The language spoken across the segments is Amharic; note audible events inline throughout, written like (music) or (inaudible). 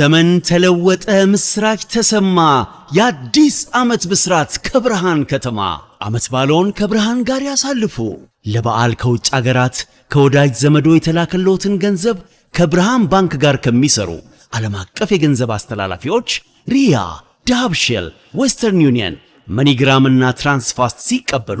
ዘመን ተለወጠ፣ ምስራች ተሰማ፣ የአዲስ ዓመት ብስራት ከብርሃን ከተማ። ዓመት ባለውን ከብርሃን ጋር ያሳልፉ። ለበዓል ከውጭ አገራት ከወዳጅ ዘመዶ የተላከለዎትን ገንዘብ ከብርሃን ባንክ ጋር ከሚሰሩ ዓለም አቀፍ የገንዘብ አስተላላፊዎች ሪያ፣ ዳብሽል፣ ዌስተርን ዩኒየን፣ መኒግራም እና ትራንስፋስት ሲቀበሉ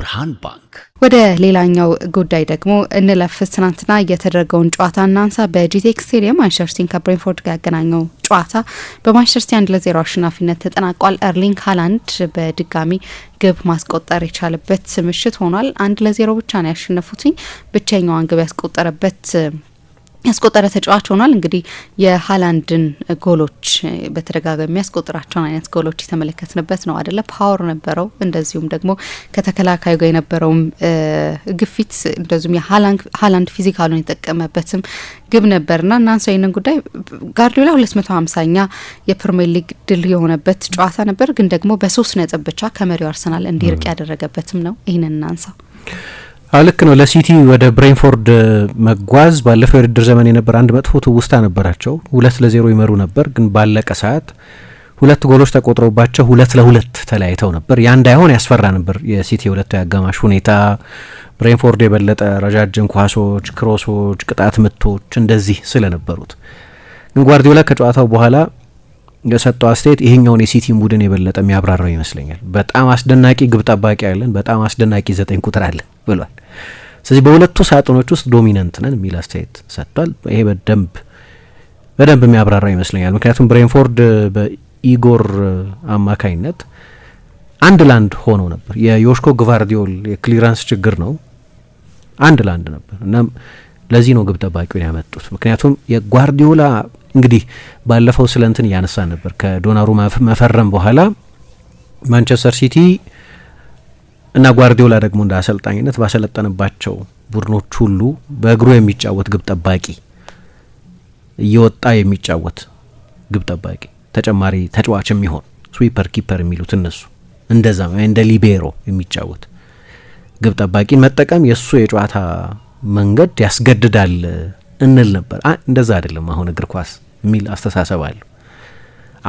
ብርሃን ባንክ። ወደ ሌላኛው ጉዳይ ደግሞ እንለፍ። ትናንትና እየተደረገውን ጨዋታ እናንሳ። በጂቴክ ስቴዲየም ማንቸስተር ሲቲን ከብሬንፎርድ ጋር ያገናኘው ጨዋታ በማንቸስተር ሲቲ አንድ ለዜሮ አሸናፊነት ተጠናቋል። ኤርሊንግ ሃላንድ በድጋሚ ግብ ማስቆጠር የቻለበት ምሽት ሆኗል። አንድ ለዜሮ ብቻ ነው ያሸነፉትኝ ብቸኛዋን ግብ ያስቆጠረበት ያስቆጠረ ተጫዋች ሆኗል። እንግዲህ የሀላንድን ጎሎች በተደጋጋሚ የሚያስቆጥራቸውን አይነት ጎሎች የተመለከትንበት ነው አደለ? ፓወር ነበረው። እንደዚሁም ደግሞ ከተከላካዩ ጋር የነበረውም ግፊት፣ እንደዚሁም የሀላንድ ፊዚካሉን የጠቀመበትም ግብ ነበር እና እናንሳ ይህንን ጉዳይ ጋርዲዮላ ሁለት መቶ ሀምሳኛ የፕሪሚየር ሊግ ድል የሆነበት ጨዋታ ነበር፣ ግን ደግሞ በሶስት ነጥብ ብቻ ከመሪው አርሰናል እንዲርቅ ያደረገበትም ነው። ይህንን እናንሳው። ልክ ነው። ለሲቲ ወደ ብሬንፎርድ መጓዝ ባለፈው የውድድር ዘመን የነበረ አንድ መጥፎ ትውስታ ነበራቸው። ሁለት ለዜሮ ይመሩ ነበር፣ ግን ባለቀ ሰዓት ሁለት ጎሎች ተቆጥረውባቸው ሁለት ለሁለት ተለያይተው ነበር። ያ እንዳይሆን ያስፈራ ነበር የሲቲ የሁለቱ አጋማሽ ሁኔታ። ብሬንፎርድ የበለጠ ረጃጅም ኳሶች፣ ክሮሶች፣ ቅጣት ምቶች እንደዚህ ስለነበሩት ግን ጓርዲዮላ ከጨዋታው በኋላ የሰጠው አስተያየት ይሄኛውን የሲቲን ቡድን የበለጠ የሚያብራራው ይመስለኛል። በጣም አስደናቂ ግብ ጠባቂ አለን። በጣም አስደናቂ ዘጠኝ ቁጥር አለን። ብሏል። ስለዚህ በሁለቱ ሳጥኖች ውስጥ ዶሚነንት ነን የሚል አስተያየት ሰጥቷል። ይሄ በደንብ በደንብ የሚያብራራው ይመስለኛል። ምክንያቱም ብሬንፎርድ በኢጎር አማካኝነት አንድ ላንድ ሆኖ ነበር። የዮሽኮ ግቫርዲዮል የክሊራንስ ችግር ነው፣ አንድ ላንድ ነበር። እናም ለዚህ ነው ግብ ጠባቂውን ያመጡት። ምክንያቱም የጓርዲዮላ እንግዲህ ባለፈው ስለ እንትን እያነሳ ነበር ከዶናሩ መፈረም በኋላ ማንቸስተር ሲቲ እና ጓርዲዮላ ደግሞ እንደ አሰልጣኝነት ባሰለጠንባቸው ቡድኖች ሁሉ በእግሩ የሚጫወት ግብ ጠባቂ እየወጣ የሚጫወት ግብ ጠባቂ ተጨማሪ ተጫዋች የሚሆን ስዊፐር ኪፐር የሚሉት እነሱ እንደዛ እንደ ሊቤሮ የሚጫወት ግብ ጠባቂን መጠቀም የእሱ የጨዋታ መንገድ ያስገድዳል እንል ነበር። እንደዛ አይደለም አሁን እግር ኳስ የሚል አስተሳሰብ አለሁ።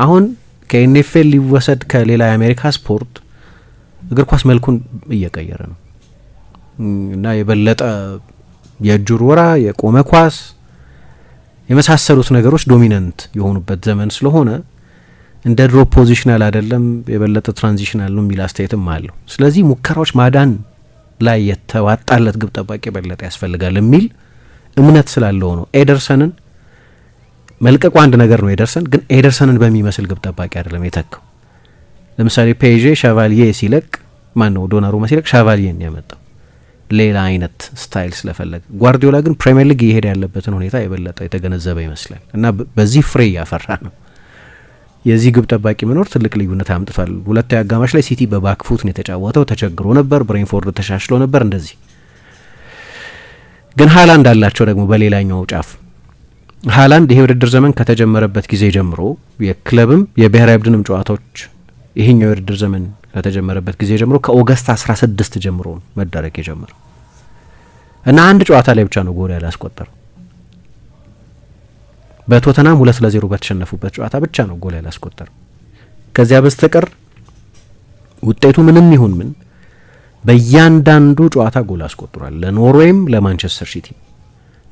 አሁን ከኤንኤፍኤል ሊወሰድ ከሌላ የአሜሪካ ስፖርት እግር ኳስ መልኩን እየቀየረ ነው እና የበለጠ የእጅ ውርወራ፣ የቆመ ኳስ የመሳሰሉት ነገሮች ዶሚናንት የሆኑበት ዘመን ስለሆነ እንደ ድሮ ፖዚሽናል አይደለም፣ የበለጠ ትራንዚሽናል ነው የሚል አስተያየትም አለው። ስለዚህ ሙከራዎች ማዳን ላይ የተዋጣለት ግብ ጠባቂ የበለጠ ያስፈልጋል የሚል እምነት ስላለው ነው። ኤደርሰንን መልቀቁ አንድ ነገር ነው። ኤደርሰን ግን ኤደርሰንን በሚመስል ግብ ጠባቂ አይደለም የተካው ለምሳሌ ፔዤ ሻቫልዬ ሲለቅ ማን ነው ዶናሩማ ሲለቅ ሻቫልዬን ያመጣው ሌላ አይነት ስታይል ስለፈለገ። ጓርዲዮላ ግን ፕሪምየር ሊግ እየሄደ ያለበትን ሁኔታ የበለጠ የተገነዘበ ይመስላል እና በዚህ ፍሬ እያፈራ ነው። የዚህ ግብ ጠባቂ መኖር ትልቅ ልዩነት አምጥቷል። ሁለታዊ አጋማሽ ላይ ሲቲ በባክፉት ነው የተጫወተው። ተቸግሮ ነበር፣ ብሬንፎርድ ተሻሽሎ ነበር። እንደዚህ ግን ሀላንድ አላቸው ደግሞ በሌላኛው ጫፍ ሀላንድ ይሄ ውድድር ዘመን ከተጀመረበት ጊዜ ጀምሮ የክለብም የብሔራዊ ቡድንም ጨዋታዎች ይሄኛው የውድድር ዘመን ከተጀመረበት ጊዜ ጀምሮ ከኦገስት 16 ጀምሮ መደረግ የጀመረው እና አንድ ጨዋታ ላይ ብቻ ነው ጎል ያላስቆጠረው በቶተናም ሁለት ለዜሮ በተሸነፉበት ጨዋታ ብቻ ነው ጎል ያላስቆጠረው። ከዚያ በስተቀር ውጤቱ ምንም ይሁን ምን በእያንዳንዱ ጨዋታ ጎል አስቆጥሯል። ለኖርዌይም ለማንቸስተር ሲቲ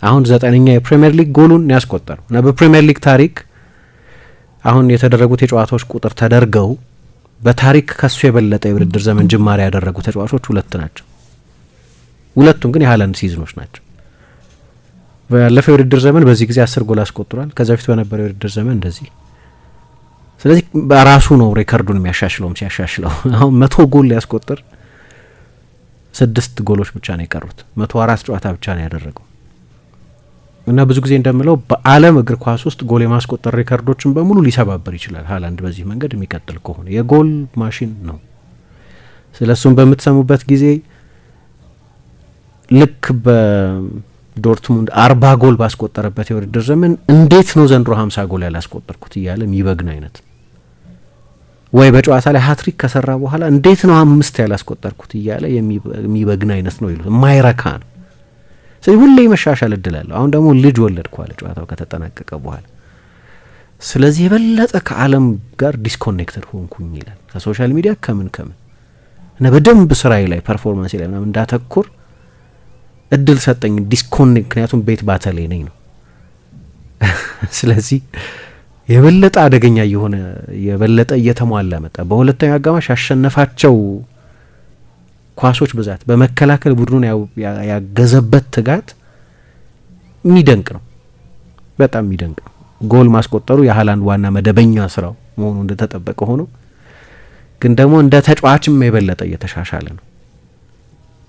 አሁን ዘጠነኛ የፕሪምየር ሊግ ጎሉን ያስቆጠረው እና በፕሪምየር ሊግ ታሪክ አሁን የተደረጉት የጨዋታዎች ቁጥር ተደርገው በታሪክ ከሱ የበለጠ የውድድር ዘመን ጅማሬ ያደረጉ ተጫዋቾች ሁለት ናቸው። ሁለቱም ግን የሀላንድ ሲዝኖች ናቸው። ያለፈው የውድድር ዘመን በዚህ ጊዜ አስር ጎል አስቆጥሯል። ከዚ በፊት በነበረው የውድድር ዘመን እንደዚህ። ስለዚህ በራሱ ነው ሬከርዱን የሚያሻሽለውም ሲያሻሽለው (laughs) አሁን መቶ ጎል ሊያስቆጥር ስድስት ጎሎች ብቻ ነው የቀሩት። መቶ አራት ጨዋታ ብቻ ነው ያደረገው። እና ብዙ ጊዜ እንደምለው በዓለም እግር ኳስ ውስጥ ጎል የማስቆጠር ሪከርዶችን በሙሉ ሊሰባበር ይችላል። ሀላንድ በዚህ መንገድ የሚቀጥል ከሆነ የጎል ማሽን ነው። ስለ እሱም በምትሰሙበት ጊዜ ልክ በዶርትሙንድ አርባ ጎል ባስቆጠረበት የውድድር ዘመን እንዴት ነው ዘንድሮ ሀምሳ ጎል ያላስቆጠርኩት እያለ የሚበግን አይነት ወይ በጨዋታ ላይ ሀትሪክ ከሰራ በኋላ እንዴት ነው አምስት ያላስቆጠርኩት እያለ የሚበግን አይነት ነው ይሉት። የማይረካ ነው። ስለዚህ ሁሌ መሻሻል እድል አለው። አሁን ደግሞ ልጅ ወለድኳል ጨዋታው ከተጠናቀቀ በኋላ ስለዚህ የበለጠ ከዓለም ጋር ዲስኮኔክትድ ሆንኩኝ ይላል። ከሶሻል ሚዲያ ከምን ከምን እና በደንብ ስራዬ ላይ ፐርፎርማንስ ላይ ምናምን እንዳተኩር እድል ሰጠኝ። ዲስኮኔክት ምክንያቱም ቤት ባተላይ ነኝ ነው። (laughs) ስለዚህ የበለጠ አደገኛ እየሆነ የበለጠ እየተሟላ መጣ። በሁለተኛው አጋማሽ ያሸነፋቸው ኳሶች ብዛት፣ በመከላከል ቡድኑን ያገዘበት ትጋት የሚደንቅ ነው። በጣም የሚደንቅ ነው። ጎል ማስቆጠሩ የሀላንድ ዋና መደበኛ ስራው መሆኑ እንደተጠበቀ ሆኖ ግን ደግሞ እንደ ተጫዋችም የበለጠ እየተሻሻለ ነው።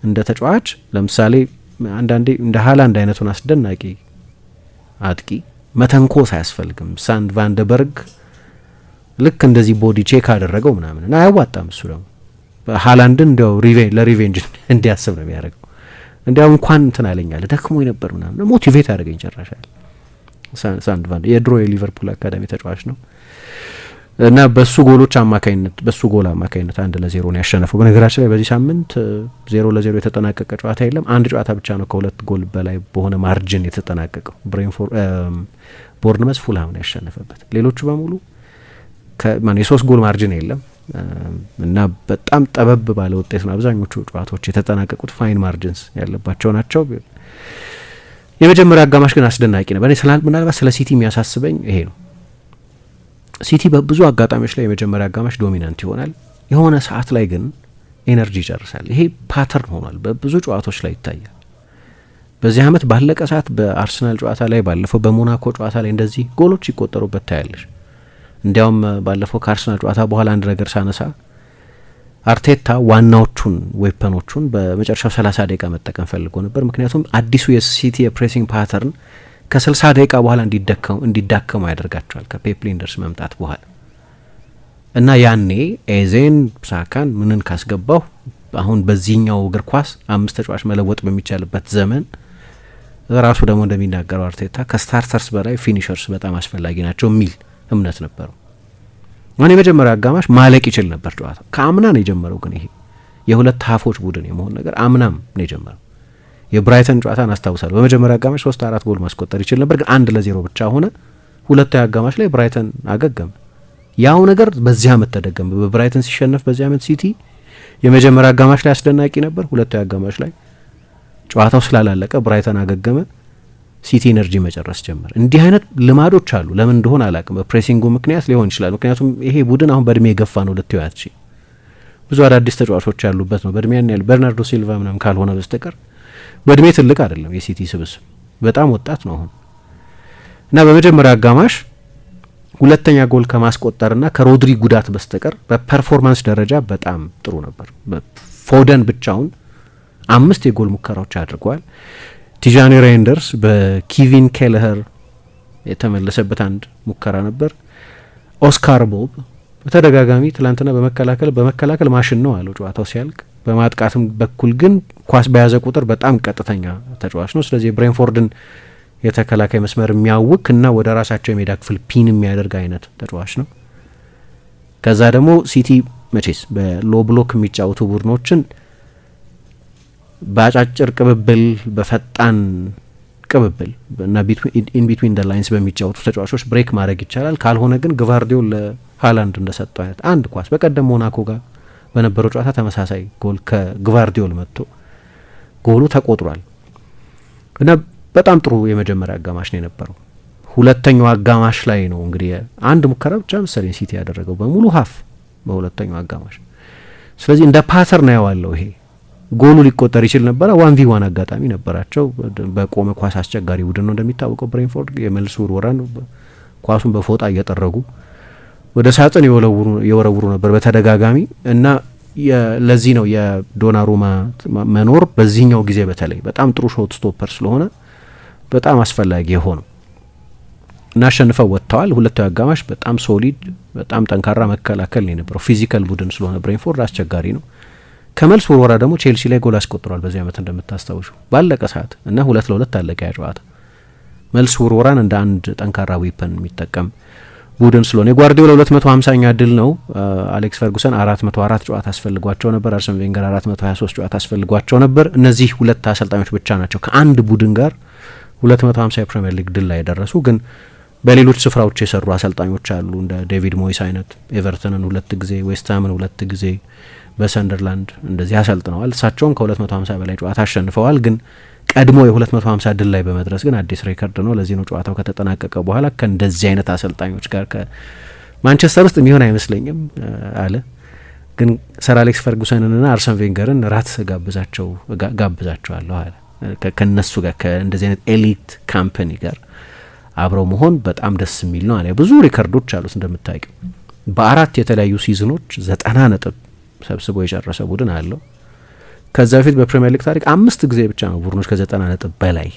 እንደ ተጫዋች ለምሳሌ አንዳንዴ እንደ ሀላንድ አይነቱን አስደናቂ አጥቂ መተንኮስ አያስፈልግም። ሳንድ ቫንደበርግ ልክ እንደዚህ ቦዲ ቼክ አደረገው ምናምን እና አያዋጣም እሱ ደግሞ ሀላንድን እንዲያው ለሪቬንጅ እንዲያስብ ነው የሚያደርገው። እንዲያው እንኳን እንትን አለኛለ ደክሞ ነበር ምናምን ሞቲቬት አድርገኝ ጨራሻል። ሳንድቫን የድሮ የሊቨርፑል አካዳሚ ተጫዋች ነው እና በሱ ጎሎች አማካኝነት በሱ ጎል አማካኝነት አንድ ለዜሮ ነው ያሸነፈው። በነገራችን ላይ በዚህ ሳምንት ዜሮ ለዜሮ የተጠናቀቀ ጨዋታ የለም። አንድ ጨዋታ ብቻ ነው ከሁለት ጎል በላይ በሆነ ማርጅን የተጠናቀቀው። ብሬንፎርድ ቦርንመስ ፉልሃምን ያሸነፈበት። ሌሎቹ በሙሉ የሶስት ጎል ማርጅን የለም። እና በጣም ጠበብ ባለ ውጤት ነው አብዛኞቹ ጨዋታዎች የተጠናቀቁት። ፋይን ማርጅንስ ያለባቸው ናቸው። የመጀመሪያ አጋማሽ ግን አስደናቂ ነው። በእኔ ምናልባት ስለ ሲቲ የሚያሳስበኝ ይሄ ነው። ሲቲ በብዙ አጋጣሚዎች ላይ የመጀመሪያ አጋማሽ ዶሚናንት ይሆናል። የሆነ ሰዓት ላይ ግን ኤነርጂ ይጨርሳል። ይሄ ፓተርን ሆኗል፣ በብዙ ጨዋታዎች ላይ ይታያል። በዚህ አመት ባለቀ ሰዓት በአርሰናል ጨዋታ ላይ፣ ባለፈው በሞናኮ ጨዋታ ላይ እንደዚህ ጎሎች ይቆጠሩበት ታያለሽ። እንዲያውም ባለፈው ከአርሰናል ጨዋታ በኋላ አንድ ነገር ሳነሳ አርቴታ ዋናዎቹን ዌፐኖቹን በመጨረሻው ሰላሳ ደቂቃ መጠቀም ፈልጎ ነበር። ምክንያቱም አዲሱ የሲቲ የፕሬሲንግ ፓተርን ከስልሳ ደቂቃ በኋላ እንዲዳከሙ ያደርጋቸዋል ከፔፕ ሊንደርስ መምጣት በኋላ እና ያኔ ኤዜን፣ ሳካን ምንን ካስገባሁ አሁን በዚህኛው እግር ኳስ አምስት ተጫዋች መለወጥ በሚቻልበት ዘመን ራሱ ደግሞ እንደሚናገረው አርቴታ ከስታርተርስ በላይ ፊኒሸርስ በጣም አስፈላጊ ናቸው የሚል እምነት ነበረው። አሁን የመጀመሪያ አጋማሽ ማለቅ ይችል ነበር ጨዋታ። ከአምና ነው የጀመረው ግን ይሄ የሁለት ሀፎች ቡድን የመሆን ነገር አምናም ነው የጀመረው። የብራይተን ጨዋታን አስታውሳለሁ። በመጀመሪያ አጋማሽ ሶስት አራት ጎል ማስቆጠር ይችል ነበር፣ ግን አንድ ለዜሮ ብቻ ሆነ። ሁለታዊ አጋማሽ ላይ ብራይተን አገገመ። ያው ነገር በዚህ አመት ተደገመ። በብራይተን ሲሸነፍ በዚህ አመት ሲቲ የመጀመሪያ አጋማሽ ላይ አስደናቂ ነበር። ሁለታዊ አጋማሽ ላይ ጨዋታው ስላላለቀ ብራይተን አገገመ። ሲቲ ኤነርጂ መጨረስ ጀመር። እንዲህ አይነት ልማዶች አሉ። ለምን እንደሆነ አላቅም። በፕሬሲንጉ ምክንያት ሊሆን ይችላል። ምክንያቱም ይሄ ቡድን አሁን በእድሜ የገፋ ነው ልትዩ ያትቺ ብዙ አዳዲስ ተጫዋቾች ያሉበት ነው። በእድሜ ያን በርናርዶ ሲልቫ ምናምን ካልሆነ በስተቀር በእድሜ ትልቅ አይደለም የሲቲ ስብስብ በጣም ወጣት ነው አሁን እና በመጀመሪያ አጋማሽ ሁለተኛ ጎል ከማስቆጠርና ከሮድሪ ጉዳት በስተቀር በፐርፎርማንስ ደረጃ በጣም ጥሩ ነበር። ፎደን ብቻውን አምስት የጎል ሙከራዎች አድርጓል። ቲጃኒ ሬንደርስ በኪቪን ኬለኸር የተመለሰበት አንድ ሙከራ ነበር። ኦስካር ቦብ በተደጋጋሚ ትላንትና በመከላከል በመከላከል ማሽን ነው አለው ጨዋታው ሲያልቅ፣ በማጥቃትም በኩል ግን ኳስ በያዘ ቁጥር በጣም ቀጥተኛ ተጫዋች ነው። ስለዚህ ብሬንፎርድን የተከላካይ መስመር የሚያውክ እና ወደ ራሳቸው የሜዳ ክፍል ፒን የሚያደርግ አይነት ተጫዋች ነው። ከዛ ደግሞ ሲቲ መቼስ በሎ ብሎክ የሚጫወቱ ቡድኖችን በአጫጭር ቅብብል በፈጣን ቅብብል እና ቢትዊን ደ ላይንስ በሚጫወቱ ተጫዋቾች ብሬክ ማድረግ ይቻላል። ካልሆነ ግን ግቫርዲዮል ለሃላንድ እንደሰጠው አይነት አንድ ኳስ በቀደም ሞናኮ ጋር በነበረው ጨዋታ ተመሳሳይ ጎል ከግቫርዲዮል መጥቶ ጎሉ ተቆጥሯል እና በጣም ጥሩ የመጀመሪያ አጋማሽ ነው የነበረው። ሁለተኛው አጋማሽ ላይ ነው እንግዲህ አንድ ሙከራ ብቻ መሰለኝ ሲቲ ያደረገው በሙሉ ሀፍ በሁለተኛው አጋማሽ። ስለዚህ እንደ ነው ያዋለው ይሄ ጎሉ ሊቆጠር ይችል ነበረ። ዋን ቪ ዋን አጋጣሚ ነበራቸው። በቆመ ኳስ አስቸጋሪ ቡድን ነው እንደሚታወቀው ብሬንፎርድ። የመልስ ውርወራን ኳሱን በፎጣ እየጠረጉ ወደ ሳጥን የወረውሩ ነበር በተደጋጋሚ እና ለዚህ ነው የዶናሩማ መኖር በዚህኛው ጊዜ በተለይ በጣም ጥሩ ሾት ስቶፐር ስለሆነ በጣም አስፈላጊ የሆነው እና አሸንፈው ወጥተዋል። ሁለታዊ አጋማሽ በጣም ሶሊድ፣ በጣም ጠንካራ መከላከል ነው የነበረው። ፊዚካል ቡድን ስለሆነ ብሬንፎርድ አስቸጋሪ ነው። ከመልስ ውርወራ ደግሞ ቼልሲ ላይ ጎል አስቆጥሯል በዚህ ዓመት እንደምታስታውሹ ባለቀ ሰዓት እና ሁለት ለሁለት አለቀ ያ ጨዋታ። መልስ ውርወራን እንደ አንድ ጠንካራ ዊፐን የሚጠቀም ቡድን ስለሆነ የጓርዲዮላ 250ኛ ድል ነው። አሌክስ ፈርጉሰን 404 ጨዋታ አስፈልጓቸው ነበር። አርሰን ቬንገር 423 ጨዋታ አስፈልጓቸው ነበር። እነዚህ ሁለት አሰልጣኞች ብቻ ናቸው ከአንድ ቡድን ጋር 250 የፕሪምየር ሊግ ድል ላይ የደረሱ ግን በሌሎች ስፍራዎች የሰሩ አሰልጣኞች አሉ እንደ ዴቪድ ሞይስ አይነት ኤቨርተንን ሁለት ጊዜ ዌስትሃምን ሁለት ጊዜ በሰንደርላንድ እንደዚህ አሰልጥነዋል። እሳቸውም ከ250 በላይ ጨዋታ አሸንፈዋል። ግን ቀድሞ የ250 ድል ላይ በመድረስ ግን አዲስ ሬከርድ ነው። ለዚህ ነው ጨዋታው ከተጠናቀቀ በኋላ ከእንደዚህ አይነት አሰልጣኞች ጋር ከማንቸስተር ውስጥ የሚሆን አይመስለኝም አለ። ግን ሰር አሌክስ ፈርጉሰንንና አርሰን ቬንገርን ራት ጋብዛቸው ጋብዛቸዋለሁ አለ። ከነሱ ጋር ከእንደዚህ አይነት ኤሊት ካምፓኒ ጋር አብረው መሆን በጣም ደስ የሚል ነው አለ። ብዙ ሪከርዶች አሉት እንደምታውቂው በአራት የተለያዩ ሲዝኖች ዘጠና ነጥብ ሰብስቦ የጨረሰ ቡድን አለው። ከዛ በፊት በፕሪሚየር ሊግ ታሪክ አምስት ጊዜ ብቻ ነው ቡድኖች ከዘጠና ነጥብ በላይ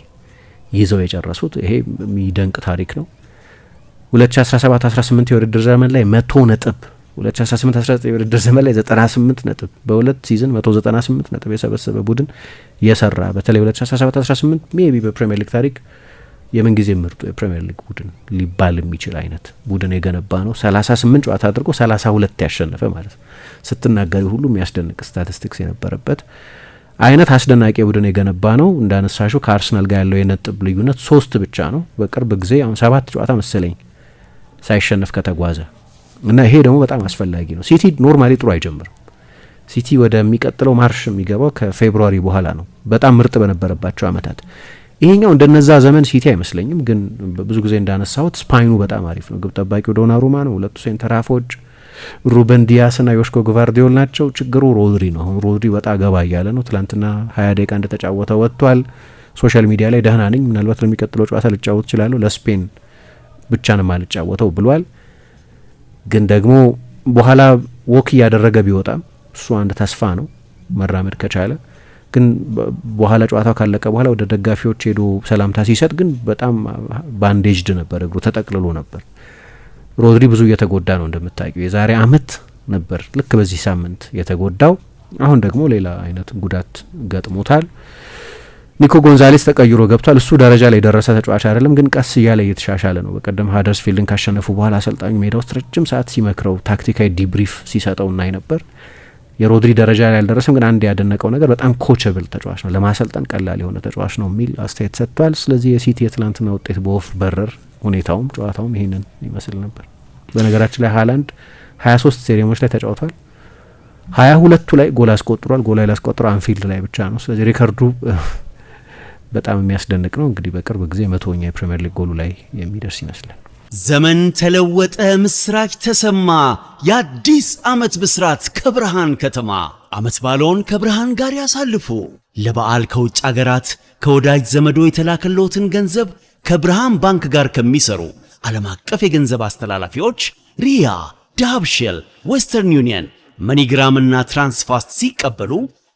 ይዘው የጨረሱት። ይሄ የሚደንቅ ታሪክ ነው። 2017 18 የውድድር ዘመን ላይ መቶ ነጥብ 2018 19 የውድድር ዘመን ላይ 98 ነጥብ በሁለት ሲዝን 198 ነጥብ የሰበሰበ ቡድን የሰራ በተለይ 2017 18 ሜቢ በፕሪሚየር ሊግ ታሪክ የምንጊዜ ምርጡ የፕሪምየር ሊግ ቡድን ሊባል የሚችል አይነት ቡድን የገነባ ነው። ሰላሳ ስምንት ጨዋታ አድርጎ ሰላሳ ሁለት ያሸነፈ ማለት ነው። ስትናገሪ ሁሉ የሚያስደንቅ ስታቲስቲክስ የነበረበት አይነት አስደናቂ ቡድን የገነባ ነው። እንዳነሳሹ ከአርሰናል ጋር ያለው የነጥብ ልዩነት ሶስት ብቻ ነው። በቅርብ ጊዜ አሁን ሰባት ጨዋታ መሰለኝ ሳይሸነፍ ከተጓዘ እና ይሄ ደግሞ በጣም አስፈላጊ ነው። ሲቲ ኖርማሊ ጥሩ አይጀምርም። ሲቲ ወደሚቀጥለው ማርሽ የሚገባው ከፌብሩዋሪ በኋላ ነው፣ በጣም ምርጥ በነበረባቸው አመታት ይሄኛው እንደነዛ ዘመን ሲቲ አይመስለኝም፣ ግን ብዙ ጊዜ እንዳነሳሁት ስፓይኑ በጣም አሪፍ ነው። ግብ ጠባቂው ዶናሩማ ነው። ሁለቱ ሴንተር አፎች ሩበን ዲያስ ና ዮሽኮ ግቫርዲዮል ናቸው። ችግሩ ሮድሪ ነው። አሁን ሮድሪ ወጣ ገባ እያለ ነው። ትላንትና ሀያ ደቂቃ እንደተጫወተ ወጥቷል። ሶሻል ሚዲያ ላይ ደህና ነኝ፣ ምናልባት ለሚቀጥለው ጨዋታ ልጫወት እችላለሁ፣ ለስፔን ብቻ ነው የማልጫወተው ብሏል። ግን ደግሞ በኋላ ወክ እያደረገ ቢወጣም እሱ አንድ ተስፋ ነው መራመድ ከቻለ ግን በኋላ ጨዋታው ካለቀ በኋላ ወደ ደጋፊዎች ሄዶ ሰላምታ ሲሰጥ ግን በጣም ባንዴጅድ ነበር፣ እግሩ ተጠቅልሎ ነበር። ሮድሪ ብዙ እየተጎዳ ነው እንደምታውቂው። የዛሬ አመት ነበር ልክ በዚህ ሳምንት የተጎዳው። አሁን ደግሞ ሌላ አይነት ጉዳት ገጥሞታል። ኒኮ ጎንዛሌስ ተቀይሮ ገብቷል። እሱ ደረጃ ላይ የደረሰ ተጫዋች አይደለም፣ ግን ቀስ እያለ እየተሻሻለ ነው። በቀደም ሀደርስ ፊልድን ካሸነፉ በኋላ አሰልጣኙ ሜዳ ውስጥ ረጅም ሰዓት ሲመክረው ታክቲካዊ ዲብሪፍ ሲሰጠው እናይ ነበር። የሮድሪ ደረጃ ላይ አልደረሰም፣ ግን አንድ ያደነቀው ነገር በጣም ኮቸብል ተጫዋች ነው፣ ለማሰልጠን ቀላል የሆነ ተጫዋች ነው የሚል አስተያየት ሰጥቷል። ስለዚህ የሲቲ የትላንትና ውጤት በወፍ በረር ሁኔታውም ጨዋታውም ይሄንን ይመስል ነበር። በነገራችን ላይ ሀላንድ ሀያ ሶስት ስቴዲየሞች ላይ ተጫውቷል። ሀያ ሁለቱ ላይ ጎል አስቆጥሯል። ጎል ላይ አንፊልድ ላይ ብቻ ነው። ስለዚህ ሪከርዱ በጣም የሚያስደንቅ ነው። እንግዲህ በቅርብ ጊዜ መቶኛ የፕሪምየር ሊግ ጎሉ ላይ የሚደርስ ይመስላል። ዘመን ተለወጠ፣ ምስራች ተሰማ፣ የአዲስ ዓመት ብስራት ከብርሃን ከተማ። ዓመት ባለውን ከብርሃን ጋር ያሳልፉ። ለበዓል ከውጭ አገራት ከወዳጅ ዘመዶ የተላከለውትን ገንዘብ ከብርሃን ባንክ ጋር ከሚሰሩ ዓለም አቀፍ የገንዘብ አስተላላፊዎች ሪያ፣ ዳብሽል፣ ዌስተርን ዩኒየን፣ መኒግራም እና ትራንስፋስት ሲቀበሉ